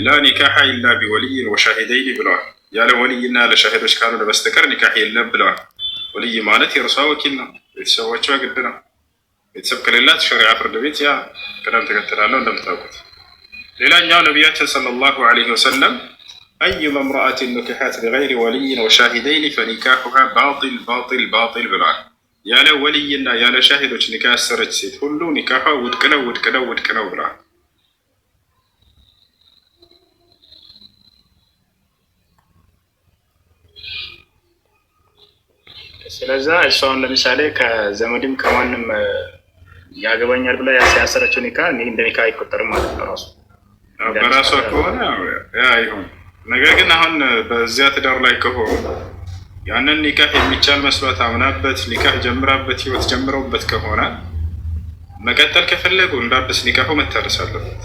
لا نكاح إلا بولي وشاهدين بلوان يا لولي إنا لشاهدوش كانوا تكر نكاح إلا بلوان ولي مالتي يرسوا وكنا يتسوى وشوى قدنا يتسوى كليلات شريعة فرد بيت يا كلام تكتر على لم تأكد للأن يو نبياتي صلى الله عليه وسلم أي امرأة نكحات لغير ولي وشاهدين فنكاحها باطل باطل باطل بلوان يا لولي إنا يا لشاهدوش نكاح سرج سيد هلو نكاحها ودكنا ودكنا ودكنا بلوان ስለዛ እሷን ለምሳሌ ከዘመድም ከማንም ያገባኛል ብላ ያሰረችው ኒካ እንደ ኒካ አይቆጠርም ማለት ነው። ራሱ በራሷ ከሆነ ያ ይሁን። ነገር ግን አሁን በዚያ ትዳር ላይ ከሆኑ ያንን ኒካህ የሚቻል መስሏት አምናበት ኒካህ ጀምራበት ህይወት ጀምረውበት ከሆነ መቀጠል ከፈለጉ እንዳብስ ኒካሁ መታደስ አለበት።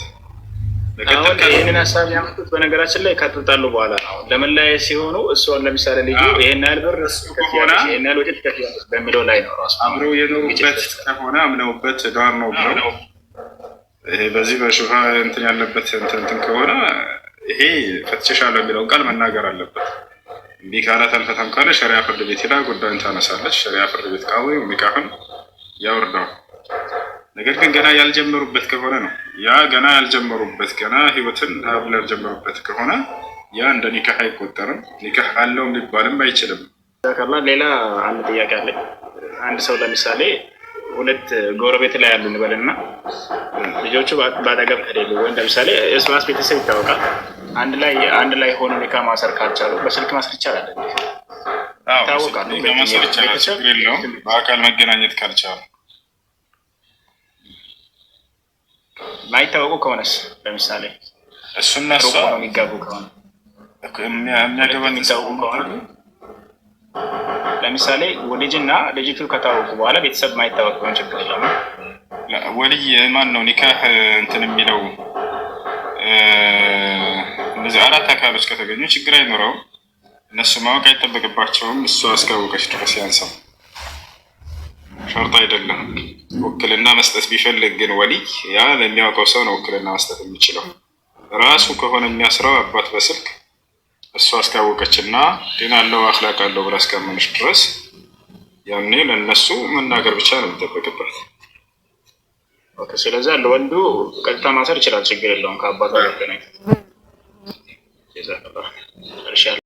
ይህንን ሀሳብ ያመጡት በነገራችን ላይ ከጥጣሉ በኋላ ነው። ለመለያየት ሲሆኑ እሱን ለምሳሌ ልዩ ይሄን ያህል ብር ይህን ያህል ወጭት በሚለው ላይ ነው ራሱ አብረው የኖሩበት ከሆነ አምነውበት ዳር ነው ብለው ይሄ በዚህ በሽፋ እንትን ያለበት እንትን ከሆነ ይሄ ፈትቼሻለሁ የሚለውን ቃል መናገር አለበት። እምቢ ካላት አልፈታም ካለ ሸሪያ ፍርድ ቤት ሄዳ ጉዳዩን ታነሳለች። ሸሪያ ፍርድ ቤት ቃሉ ሚቃህን ያወርደዋል። ነገር ግን ገና ያልጀመሩበት ከሆነ ነው ያ ገና ያልጀመሩበት ገና ህይወትን ሀብል ያልጀመሩበት ከሆነ ያ እንደ ኒካህ አይቆጠርም። ኒካህ አለውም ሊባልም አይችልም። ላ ሌላ አንድ ጥያቄ አለ። አንድ ሰው ለምሳሌ ሁለት ጎረቤት ላይ ያሉ እንበልና ልጆቹ በአጠገብ ከሌሉ ወይም ለምሳሌ የስማስ ቤተሰብ ይታወቃል። አንድ ላይ አንድ ላይ ሆኖ ኒካ ማሰር ካልቻሉ በስልክ ማሰር ይቻላል። ይታወቃል ማሰር ይቻላል። ችግር በአካል መገናኘት ካልቻሉ ማይታወቁ ከሆነስ ለምሳሌ እሱና እሷ የሚጋቡ ከሆነ የሚታወቁ ከሆነ ለምሳሌ ወልጅና ልጅቱ ከታወቁ በኋላ ቤተሰብ ማይታወቅ ከሆነ ችግር የለም። ወልይ ማን ነው ኒካህ እንትን የሚለው እነዚህ አራት አካሎች ከተገኙ ችግር አይኖረውም። እነሱ ማወቅ አይጠበቅባቸውም። እሱ አስካወቀች ድረስ ያንሰው ሸርጥ አይደለም። ውክልና መስጠት ቢፈልግ ግን ወሊይ ያ ለሚያውቀው ሰው ነው ውክልና መስጠት የሚችለው። ራሱ ከሆነ የሚያስረው አባት በስልክ እሷ አስታወቀችና ጤና አለው አክላቅ አለው ብላ እስካመነች ድረስ ያኔ ለእነሱ መናገር ብቻ ነው የሚጠበቅበት። ስለዚህ አለ ወንዱ ቀጥታ ማሰር ይችላል፣ ችግር የለውም። ከአባት ገናኝ